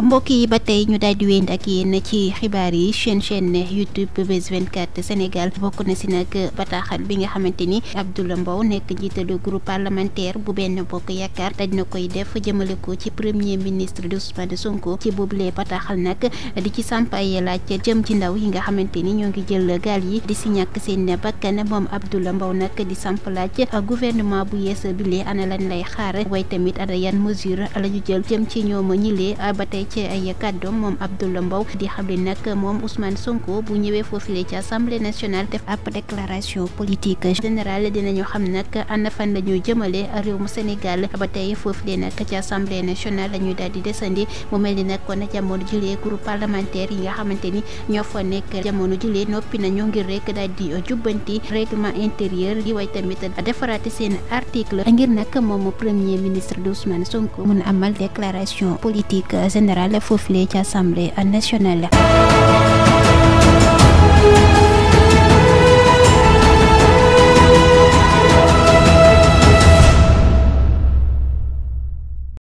mbokk yi ba tey ñu daal di wéyandi ak yéen ci xibaar yi chaîne chaîne YouTube Buzz 24 Sénégal bokk na si nag bataaxal bi nga xamante ni Abdoulaye Mbow nekk njiitalu groupe parlementaire bu benn bokk yaakaar daj na koy def jëmale ko ci premier ministre di Ousmane Sonko ci boobule bataaxal nag di ci samp ay laaj jëm ci ndaw yi nga xamante ni ñoo ngi jël gaal yi di si ñàkk seen bakkan moom Abdoulaye Mbow nag di samp laaj gouvernement bu yees bi lee ana lan lay xaar waaye tamit ana yan mesure la ñu jël jëm ci ñoom ci ay kàddoom moom Abdoul Mbow di xamle nag moom Ousmane Sonko bu ñëwee foofule ci assemblée nationale def ab déclaration politique générale dinañu xam nag ana fan la ñu jëmale réew mu Sénégal ba foofu foofule nag ci assemblée nationale la ñuy daal di desandi mu mel ni nag kon jamono jëlee groupe parlementaire yi nga xamante ni ñoo fa nekk jamono jëlee noppi na ñoo ngir rek daal di jubbanti règlement intérieur yi way tamit a defaraate seen article ngir nag moom premier ministre di Ousmane Sonko mun amal déclaration politique générale foofule ci assemblée nationale